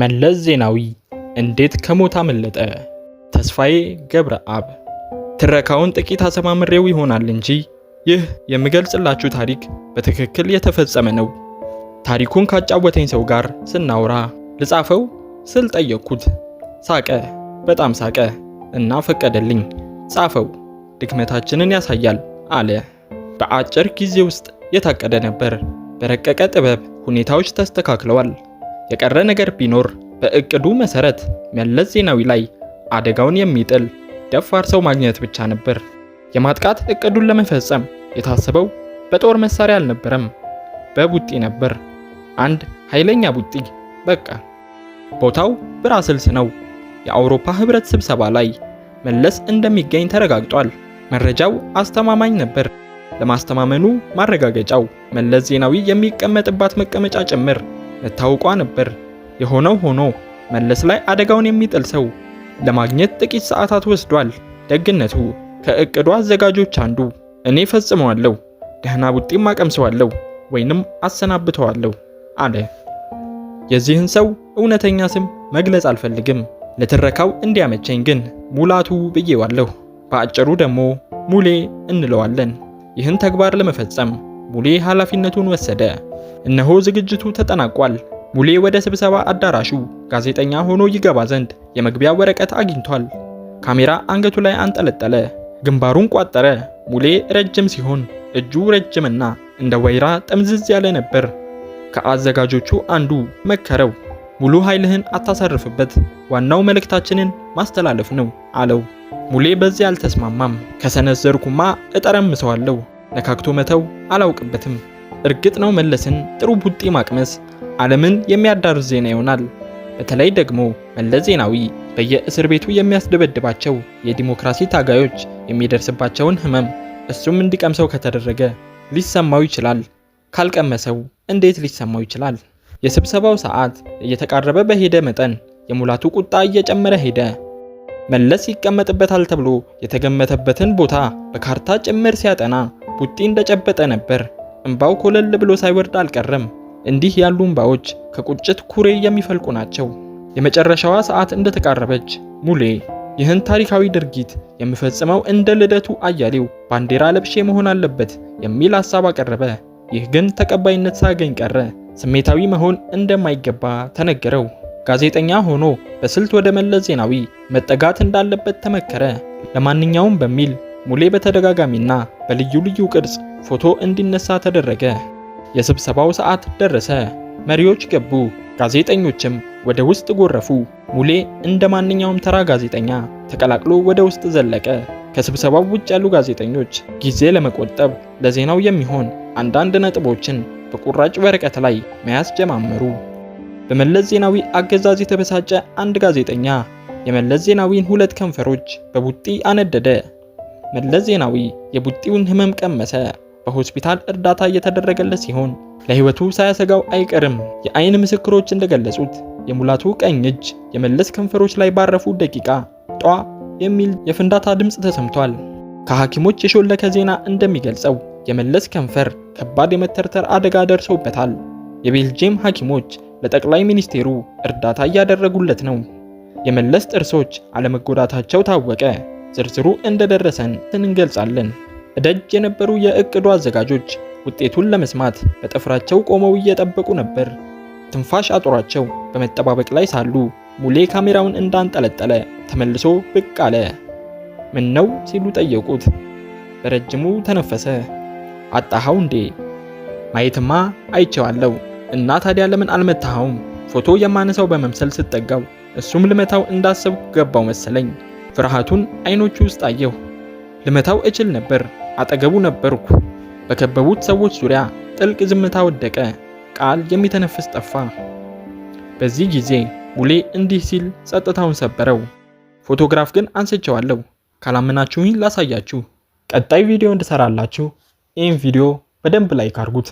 መለስ ዜናዊ እንዴት ከሞት አመለጠ? ተስፋዬ ገብረ አብ ትረካውን ጥቂት አሰማምሬው ይሆናል እንጂ ይህ የምገልጽላችሁ ታሪክ በትክክል የተፈጸመ ነው። ታሪኩን ካጫወተኝ ሰው ጋር ስናወራ ልጻፈው ስል ጠየቅኩት። ሳቀ፣ በጣም ሳቀ እና ፈቀደልኝ። ጻፈው፣ ድክመታችንን ያሳያል አለ። በአጭር ጊዜ ውስጥ የታቀደ ነበር። በረቀቀ ጥበብ ሁኔታዎች ተስተካክለዋል። የቀረ ነገር ቢኖር በእቅዱ መሰረት መለስ ዜናዊ ላይ አደጋውን የሚጥል ደፋር ሰው ማግኘት ብቻ ነበር። የማጥቃት እቅዱን ለመፈጸም የታሰበው በጦር መሳሪያ አልነበረም፣ በቡጢ ነበር። አንድ ኃይለኛ ቡጢ። በቃ ቦታው ብራስልስ ነው። የአውሮፓ ህብረት ስብሰባ ላይ መለስ እንደሚገኝ ተረጋግጧል። መረጃው አስተማማኝ ነበር። ለማስተማመኑ ማረጋገጫው መለስ ዜናዊ የሚቀመጥባት መቀመጫ ጭምር መታወቋ ነበር። የሆነው ሆኖ መለስ ላይ አደጋውን የሚጥል ሰው ለማግኘት ጥቂት ሰዓታት ወስዷል። ደግነቱ ከእቅዱ አዘጋጆች አንዱ እኔ ፈጽመዋለሁ፣ ደህና ቡጢም አቀምሰዋለሁ ወይንም አሰናብተዋለሁ አለ። የዚህን ሰው እውነተኛ ስም መግለጽ አልፈልግም። ለትረካው እንዲያመቸኝ ግን ሙላቱ ብዬዋለሁ። በአጭሩ ደግሞ ሙሌ እንለዋለን። ይህን ተግባር ለመፈጸም ሙሌ ኃላፊነቱን ወሰደ። እነሆ ዝግጅቱ ተጠናቋል። ሙሌ ወደ ስብሰባ አዳራሹ ጋዜጠኛ ሆኖ ይገባ ዘንድ የመግቢያ ወረቀት አግኝቷል። ካሜራ አንገቱ ላይ አንጠለጠለ፣ ግንባሩን ቋጠረ። ሙሌ ረጅም ሲሆን እጁ ረጅምና እንደ ወይራ ጠምዝዝ ያለ ነበር። ከአዘጋጆቹ አንዱ መከረው፣ ሙሉ ኃይልህን አታሳርፍበት፣ ዋናው መልእክታችንን ማስተላለፍ ነው አለው። ሙሌ በዚህ አልተስማማም። ከሰነዘርኩማ እጠረምሰዋለሁ ነካክቶ መተው አላውቅበትም። እርግጥ ነው መለስን ጥሩ ቡጢ ማቅመስ ዓለምን የሚያዳርስ ዜና ይሆናል። በተለይ ደግሞ መለስ ዜናዊ በየእስር ቤቱ የሚያስደበድባቸው የዲሞክራሲ ታጋዮች የሚደርስባቸውን ህመም እሱም እንዲቀምሰው ከተደረገ ሊሰማው ይችላል። ካልቀመሰው እንዴት ሊሰማው ይችላል? የስብሰባው ሰዓት እየተቃረበ በሄደ መጠን የሙላቱ ቁጣ እየጨመረ ሄደ። መለስ ይቀመጥበታል ተብሎ የተገመተበትን ቦታ በካርታ ጭምር ሲያጠና ቡጢ እንደጨበጠ ነበር። እምባው ኮለል ብሎ ሳይወርድ አልቀረም። እንዲህ ያሉ እምባዎች ከቁጭት ኩሬ የሚፈልቁ ናቸው። የመጨረሻዋ ሰዓት እንደተቃረበች ሙሌ ይህን ታሪካዊ ድርጊት የምፈጽመው እንደ ልደቱ አያሌው ባንዲራ ለብሼ መሆን አለበት የሚል ሀሳብ አቀረበ። ይህ ግን ተቀባይነት ሳያገኝ ቀረ። ስሜታዊ መሆን እንደማይገባ ተነገረው። ጋዜጠኛ ሆኖ በስልት ወደ መለስ ዜናዊ መጠጋት እንዳለበት ተመከረ። ለማንኛውም በሚል ሙሌ በተደጋጋሚና በልዩ ልዩ ቅርጽ ፎቶ እንዲነሳ ተደረገ። የስብሰባው ሰዓት ደረሰ። መሪዎች ገቡ፣ ጋዜጠኞችም ወደ ውስጥ ጎረፉ። ሙሌ እንደ ማንኛውም ተራ ጋዜጠኛ ተቀላቅሎ ወደ ውስጥ ዘለቀ። ከስብሰባው ውጭ ያሉ ጋዜጠኞች ጊዜ ለመቆጠብ ለዜናው የሚሆን አንዳንድ ነጥቦችን በቁራጭ ወረቀት ላይ መያዝ ጀማመሩ። በመለስ ዜናዊ አገዛዝ የተበሳጨ አንድ ጋዜጠኛ የመለስ ዜናዊን ሁለት ከንፈሮች በቡጢ አነደደ። መለስ ዜናዊ የቡጢውን ህመም ቀመሰ። በሆስፒታል እርዳታ እየተደረገለት ሲሆን ለህይወቱ ሳያሰጋው አይቀርም። የአይን ምስክሮች እንደገለጹት የሙላቱ ቀኝ እጅ የመለስ ከንፈሮች ላይ ባረፉ ደቂቃ ጧ የሚል የፍንዳታ ድምፅ ተሰምቷል። ከሐኪሞች የሾለከ ዜና እንደሚገልጸው የመለስ ከንፈር ከባድ የመተርተር አደጋ ደርሶበታል። የቤልጂየም ሐኪሞች ለጠቅላይ ሚኒስቴሩ እርዳታ እያደረጉለት ነው። የመለስ ጥርሶች አለመጎዳታቸው ታወቀ። ዝርዝሩ እንደደረሰን እንገልጻለን። እደጅ የነበሩ የእቅዱ አዘጋጆች ውጤቱን ለመስማት በጥፍራቸው ቆመው እየጠበቁ ነበር። ትንፋሽ አጥሯቸው በመጠባበቅ ላይ ሳሉ ሙሌ ካሜራውን እንዳንጠለጠለ ተመልሶ ብቅ አለ። ምን ነው ሲሉ ጠየቁት። በረጅሙ ተነፈሰ። አጣሃው እንዴ? ማየትማ አይቼዋለሁ። እና ታዲያ ለምን አልመታኸውም? ፎቶ የማነሳው በመምሰል ስጠጋው እሱም ልመታው እንዳሰብኩ ገባው መሰለኝ ፍርሃቱን አይኖቹ ውስጥ አየሁ። ልመታው እችል ነበር። አጠገቡ ነበርኩ። በከበቡት ሰዎች ዙሪያ ጥልቅ ዝምታ ወደቀ። ቃል የሚተነፍስ ጠፋ። በዚህ ጊዜ ሙሌ እንዲህ ሲል ጸጥታውን ሰበረው። ፎቶግራፍ ግን አንስቸዋለሁ። ካላመናችሁኝ ላሳያችሁ። ቀጣይ ቪዲዮ እንድሰራላችሁ ይህን ቪዲዮ በደንብ ላይክ አድርጉት።